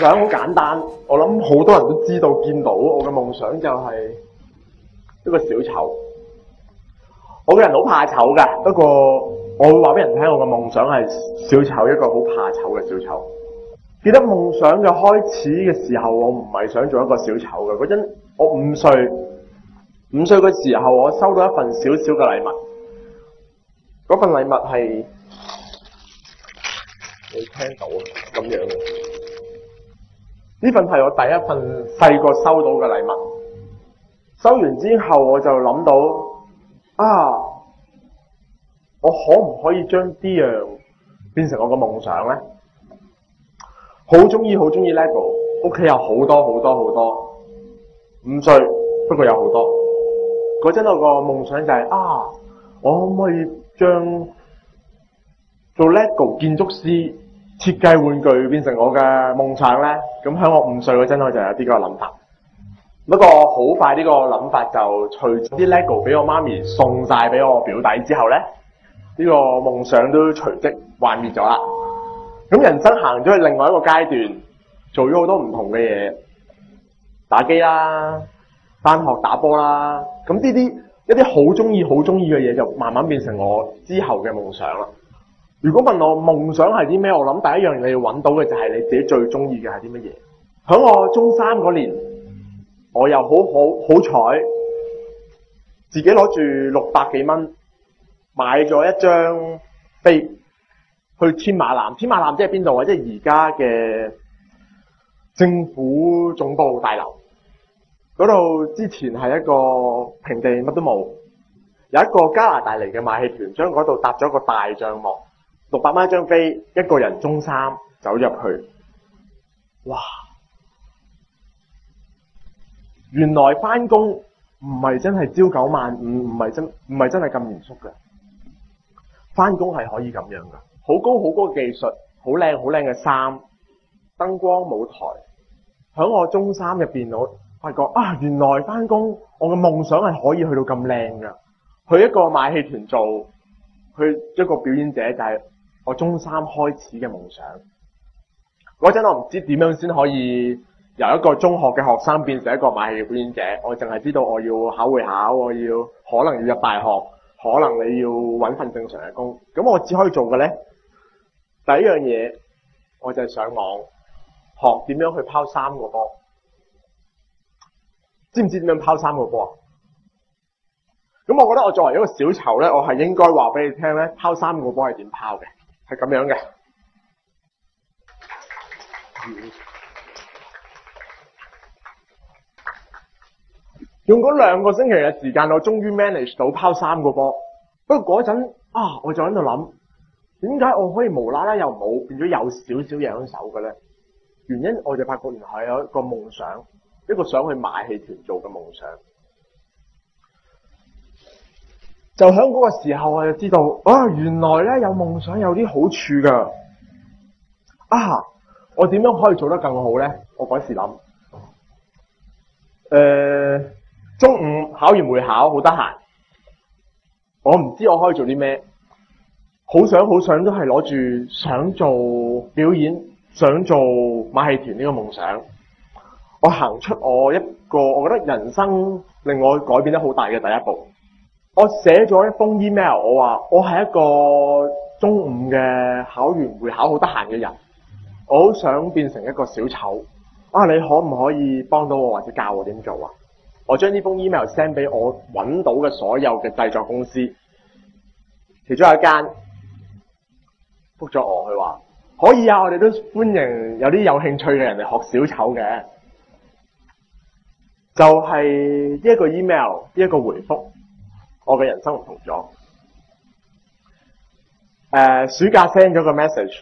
想好簡單，我諗好多人都知道見到我嘅夢想就係一個小丑。我個人好怕醜㗎，不過我會話俾人聽，我嘅夢想係小丑，一個好怕醜嘅小丑。記得夢想嘅開始嘅時候，我唔係想做一個小丑嘅。嗰陣我五歲，五歲嘅時候我收到一份小小嘅禮物，嗰份禮物係你聽到咁樣嘅。呢份係我第一份細個收到嘅禮物，收完之後我就諗到啊，我可唔可以將啲樣變成我個夢想咧？好中意，好中意 LEGO，屋企有好多好多好多，五歲不過有好多。嗰陣我個夢想就係啊，我可唔可以將做 LEGO 建築師？設計玩具變成我嘅夢想咧，咁喺我五歲嗰陣，我就有啲個諗法。不過好快呢個諗法就隨住啲 LEGO 俾我媽咪送晒俾我表弟之後咧，呢、呢個夢想都隨即幻滅咗啦。咁人生行咗去另外一個階段，做咗好多唔同嘅嘢，打機啦，返學打波啦。咁呢啲一啲好中意、好中意嘅嘢，就慢慢變成我之後嘅夢想啦。如果問我夢想係啲咩，我諗第一樣你要揾到嘅就係你自己最中意嘅係啲乜嘢。喺我中三嗰年，我又好好好彩，自己攞住六百幾蚊買咗一張飛去天馬南。天馬南即係邊度啊？即係而家嘅政府總部大樓嗰度。之前係一個平地，乜都冇，有一個加拿大嚟嘅馬戲團，將嗰度搭咗個大帳幕。六百蚊一張飛，一個人中三走入去，哇！原來翻工唔係真係朝九晚五，唔唔係真唔係真係咁嚴肅嘅。翻工係可以咁樣嘅，好高好高嘅技術，好靚好靚嘅衫，燈光舞台響我中三入邊，我發覺啊，原來翻工我嘅夢想係可以去到咁靚嘅。去一個馬戲團做，去一個表演者就係。我中三開始嘅夢想，嗰陣我唔知點樣先可以由一個中學嘅學生變成一個馬戲表演者。我淨係知道我要考會考，我要可能要入大學，可能你要揾份正常嘅工。咁我只可以做嘅呢，第一樣嘢我就係上網學點樣去拋三個波。知唔知點樣拋三個波啊？咁我覺得我作為一個小丑呢，我係應該話俾你聽呢：拋三個波係點拋嘅。係咁樣嘅、嗯，用嗰兩個星期嘅時間，我終於 manage 到拋三個波。不過嗰陣啊，我就喺度諗，點解我可以無啦啦又冇變咗有少少贏手嘅咧？原因我就發覺原來係有一個夢想，一個想去馬戲團做嘅夢想。就喺嗰個時候，我就知道啊，哦，原來咧有夢想有啲好處㗎。啊，我點樣可以做得更好咧？我嗰時諗，呃。中午考完會考，好得閒。我唔知我可以做啲咩，好想好想都係攞住想做表演，想做馬戲團呢個夢想。我行出我一個，我覺得人生令我改變得好大嘅第一步。我寫咗一封 email，我話我係一個中五嘅，考完會考好得閒嘅人，我好想變成一個小丑啊！你可唔可以幫到我或者教我點做啊？我將呢封 email send 俾我搵到嘅所有嘅製作公司，其中有一間覆咗我，佢話可以啊，我哋都歡迎有啲有興趣嘅人嚟學小丑嘅。就係一個 email 一個回覆我嘅人生唔同咗。誒、呃，暑假 send 咗個 message，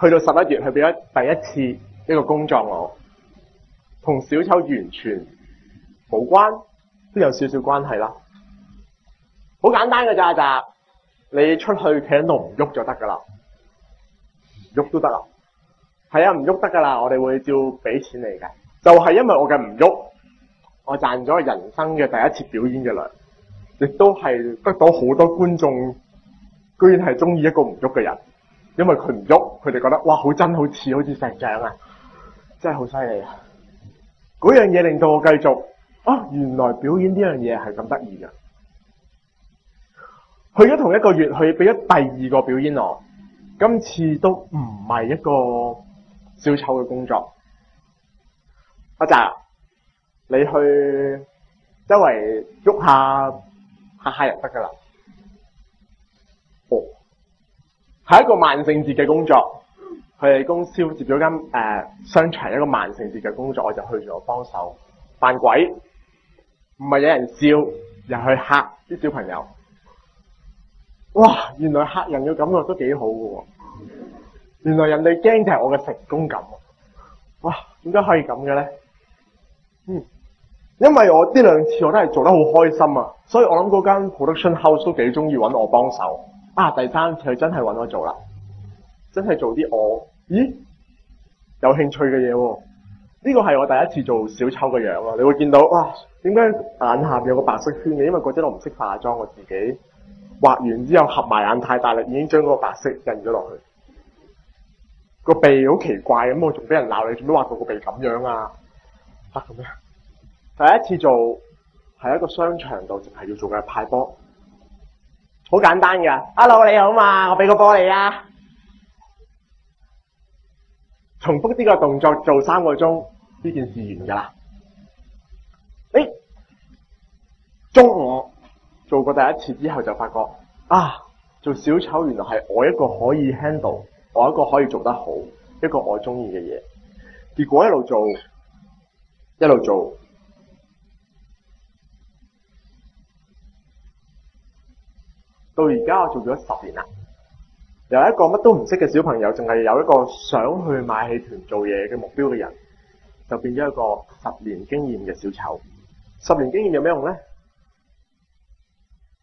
去到十一月，佢俾咗第一次一個工作我，同小丑完全無關，都有少少關係啦。好簡單嘅咋，咋、就是，你出去企喺度唔喐就得噶啦，唔喐都得啦。係啊，唔喐得噶啦，我哋會照俾錢你嘅。就係、是、因為我嘅唔喐，我賺咗人生嘅第一次表演嘅糧。亦都係得到好多觀眾，居然係中意一個唔喐嘅人，因為佢唔喐，佢哋覺得哇好真好似好似石像啊，真係好犀利啊！嗰樣嘢令到我繼續啊，原來表演呢樣嘢係咁得意嘅。去咗同一個月，佢俾咗第二個表演我，今次都唔係一個小丑嘅工作。阿、啊、澤，你去周圍喐下。嚇嚇人得噶啦，哦，係一個萬聖節嘅工作，佢哋公司接咗間誒商場一個萬聖節嘅工作，我就去咗幫手扮鬼，唔係有人笑又去嚇啲小朋友，哇！原來嚇人嘅感覺都幾好噶喎，原來人哋驚就係我嘅成功感，哇！點解可以咁嘅咧？嗯。因為我呢兩次我都係做得好開心啊，所以我諗嗰間 production house 都幾中意揾我幫手。啊，第三次佢真係揾我做啦，真係做啲我咦有興趣嘅嘢喎。呢個係我第一次做小丑嘅樣啊，你會見到哇？點解眼下邊有個白色圈嘅？因為嗰陣我唔識化妝，我自己畫完之後合埋眼太大力，已經將嗰個白色印咗落去。個鼻好奇怪咁，我仲俾人鬧你做咩畫到個鼻咁樣啊？吓，咁樣。第一次做喺一個商場度，淨係要做嘅派波，好簡單㗎。Hello，你好嘛？我俾個波你啊！重複呢個動作做三個鐘，呢件事完㗎啦。誒，中我做過第一次之後就發覺啊，做小丑原來係我一個可以 handle，我一個可以做得好，一個我中意嘅嘢。結果一路做，一路做。到而家我做咗十年啦，由一個乜都唔識嘅小朋友，淨係有一個想去馬戲團做嘢嘅目標嘅人，就變咗一個十年經驗嘅小丑。十年經驗有咩用咧？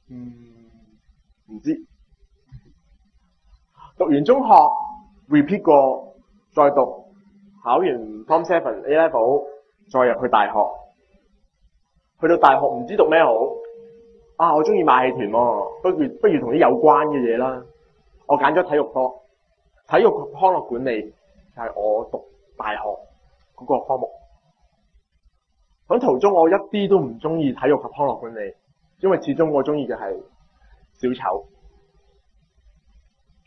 嗯，唔知。讀完中學 repeat 過，再讀，考完 form seven A level，再入去大學。去到大學唔知讀咩好。啊！我中意馬戲團喎，啊，不如不如同啲有關嘅嘢啦。我揀咗體育科，體育及康樂管理就係我讀大學嗰個科目。喺途中我一啲都唔中意體育及康樂管理，因為始終我中意嘅係小丑。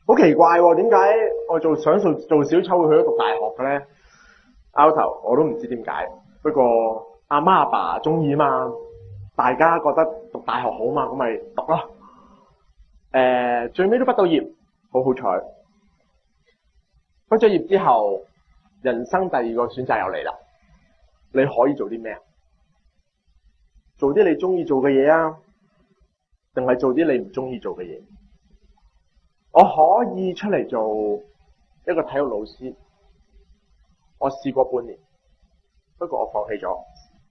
好奇怪喎，啊，點解我做我想做做小丑會去咗讀大學嘅咧？Out 頭我都唔知點解。不過阿媽阿爸中意啊嘛。大家覺得讀大學好嘛？咁咪讀咯、啊。誒、呃，最尾都畢到業，好好彩。畢咗業之後，人生第二個選擇又嚟啦。你可以做啲咩？做啲你中意做嘅嘢啊，定係做啲你唔中意做嘅嘢？我可以出嚟做一個體育老師，我試過半年，不過我放棄咗。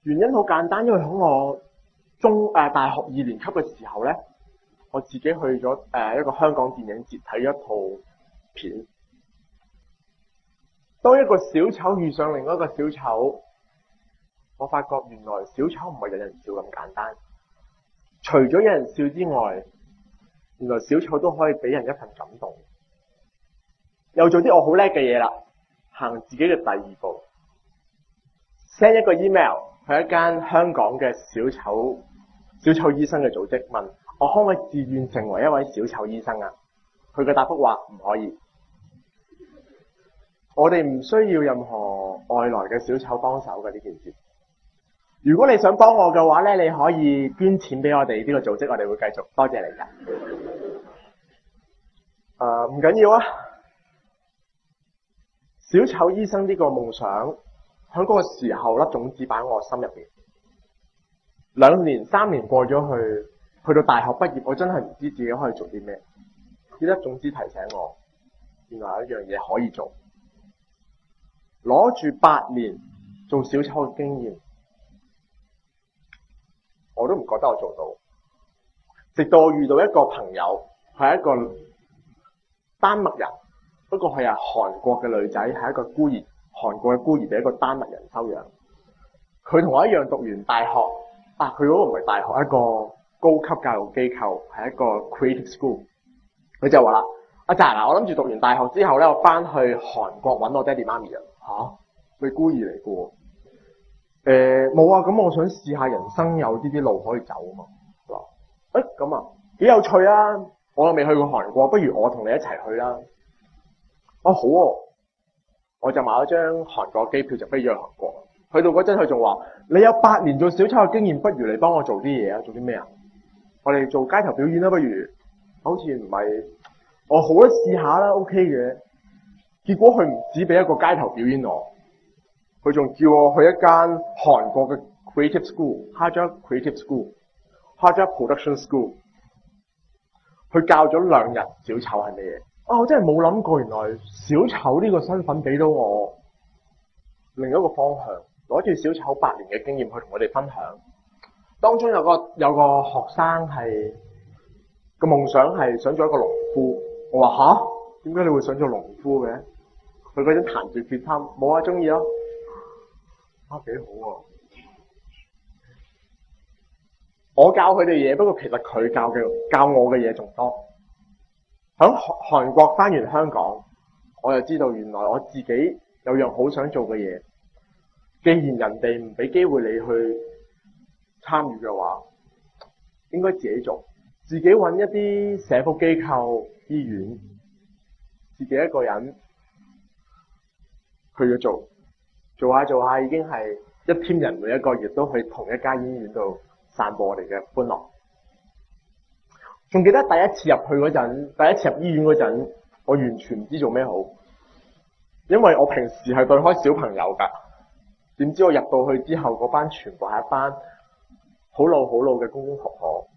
原因好簡單，因為響我。中誒大學二年級嘅時候呢，我自己去咗誒一個香港電影節睇咗一套片。當一個小丑遇上另外一個小丑，我發覺原來小丑唔係有人笑咁簡單。除咗有人笑之外，原來小丑都可以俾人一份感動。又做啲我好叻嘅嘢啦，行自己嘅第二步，send 一個 email 去一間香港嘅小丑，小丑醫生嘅組織問我可唔可以自願成為一位小丑醫生啊？佢嘅答覆話唔可以，我哋唔需要任何外來嘅小丑幫手嘅呢件事。如果你想幫我嘅話呢，你可以捐錢俾我哋呢個組織，我哋會繼續多謝你嘅。誒，唔緊要啊！小丑醫生呢個夢想喺嗰個時候粒種子擺喺我心入邊。兩年三年過咗去，去到大學畢業，我真係唔知自己可以做啲咩。記得總之提醒我，原來有一樣嘢可以做。攞住八年做小丑嘅經驗，我都唔覺得我做到。直到我遇到一個朋友，係一個丹麥人，不過佢係韓國嘅女仔，係一個孤兒，韓國嘅孤兒俾一個丹麥人收養。佢同我一樣讀完大學。啊！佢嗰個唔係大學，一個高級教育機構，係一個 creative school。佢就話啦：，阿澤，嗱，我諗住讀完大學之後咧，我翻去韓國搵我爹哋媽咪啊！吓？你孤兒嚟嘅喎？欸，冇啊！咁我想試下人生有啲啲路可以走啊嘛！嗱，誒咁啊，幾、欸啊、有趣啊！我又未去過韓國，不如我同你一齊去啦！啊，好啊！我就買咗張韓國機票，就飛咗去韓國。去到嗰陣，佢仲話：你有八年做小丑嘅經驗，不如你幫我做啲嘢啊！做啲咩啊？我哋做街頭表演啦，不如？好似唔係，我好試一試下啦，OK 嘅。結果佢唔止俾一個街頭表演我，佢仲叫我去一間韓國嘅 creat school, creative school，Haja creative school，Haja production school。佢教咗兩日小丑係咩嘢？啊、哦，我真係冇諗過，原來小丑呢個身份俾到我另一個方向。攞住小丑八年嘅經驗去同我哋分享，當中有個有個學生係個夢想係想做一個農夫。我話，吓？點解你會想做農夫嘅？佢嗰陣彈住吉他，冇啊，中意咯。啊，幾好喎，啊！我教佢哋嘢，不過其實佢教嘅教我嘅嘢仲多。響韓韓國翻完香港，我又知道原來我自己有樣好想做嘅嘢。既然人哋唔俾機會你去參與嘅話，應該自己做，自己揾一啲社福機構、醫院，自己一個人去咗做。做下做下已經係一隊人，每一個月都去同一間醫院度散播我哋嘅歡樂。仲記得第一次入去嗰陣，第一次入醫院嗰陣，我完全唔知做咩好，因為我平時係對開小朋友㗎。點知我入到去之後，嗰班全部係一班好老好老嘅公公婆婆。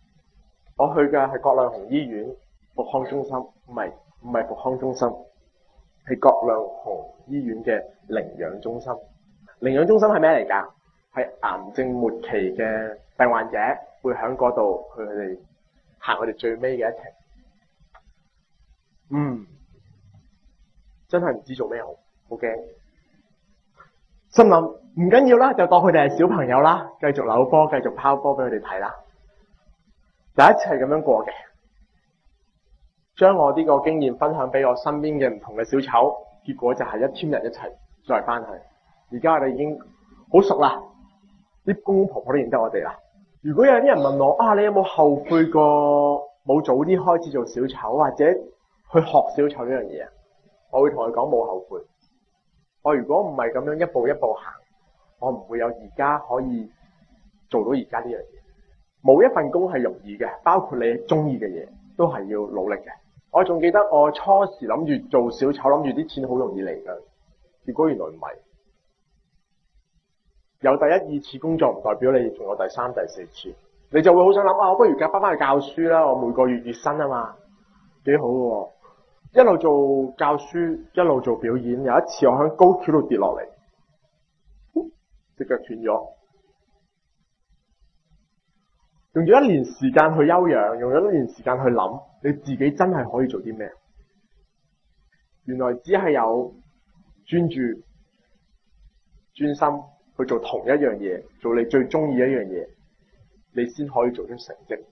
我去嘅係葛量洪醫院復康中心，唔係，唔係復康中心，係葛量洪醫院嘅寧養中心。寧養中心係咩嚟㗎？係癌症末期嘅病患者會喺嗰度去佢哋行佢哋最尾嘅一程。嗯，真係唔知做咩好，好驚。心諗唔緊要啦，就當佢哋係小朋友啦，繼續扭波，繼續拋波俾佢哋睇啦。第一次係咁樣過嘅，將我呢個經驗分享俾我身邊嘅唔同嘅小丑，結果就係一千人一齊再返去。而家我哋已經好熟啦，啲公公婆婆都認得我哋啦。如果有啲人問我啊，你有冇後悔過冇早啲開始做小丑或者去學小丑呢樣嘢啊？我會同佢講冇後悔。我如果唔係咁樣一步一步行，我唔會有而家可以做到而家呢樣嘢。冇一份工係容易嘅，包括你中意嘅嘢都係要努力嘅。我仲記得我初時諗住做小丑，諗住啲錢好容易嚟㗎，結果原來唔係。有第一二次工作唔代表你仲有第三第四次，你就會好想諗啊，我不如夾翻翻去教書啦，我每個月月薪啊嘛，幾好喎。一路做教書，一路做表演。有一次我喺高橋度跌落嚟，隻腳斷咗，用咗一年時間去休養，用咗一年時間去諗，你自己真係可以做啲咩？原來只係有專注、專心去做同一樣嘢，做你最鍾意一樣嘢，你先可以做出成績。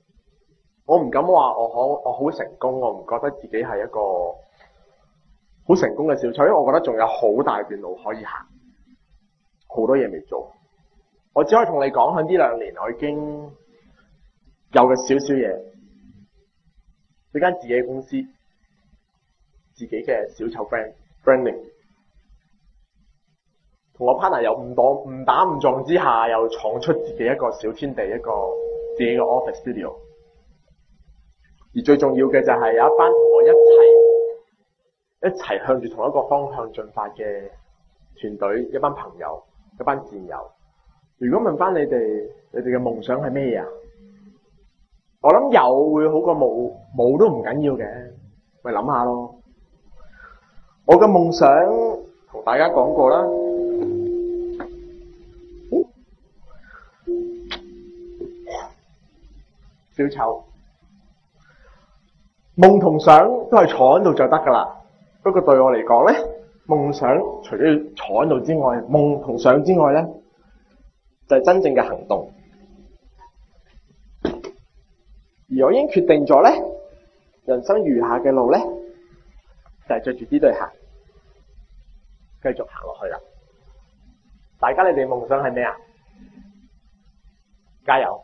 我唔敢話我好，我好成功。我唔覺得自己係一個好成功嘅小丑，因為我覺得仲有好大段路可以行，好多嘢未做。我只可以同你講，喺呢兩年我已經有咗少少嘢，呢間自己嘅公司，自己嘅小丑 brand, branding 同我 partner 又唔打唔打唔撞之下，又闖出自己一個小天地，一個自己嘅 office studio。而最重要嘅就係有一班同我一齊一齊向住同一個方向進發嘅團隊，一班朋友，一班戰友。如果問翻你哋，你哋嘅夢想係咩嘢啊？我諗有會好過冇，冇都唔緊要嘅，咪諗下咯。我嘅夢想同大家講過啦。小、哦、丑。夢同想都係坐喺度就得噶啦。不過對我嚟講咧，夢想除咗要坐喺度之外，夢同想之外咧，就係真正嘅行動。而我已經決定咗咧，人生餘下嘅路咧，就係着住呢對鞋，繼續行落去啦。大家你哋夢想係咩啊？加油！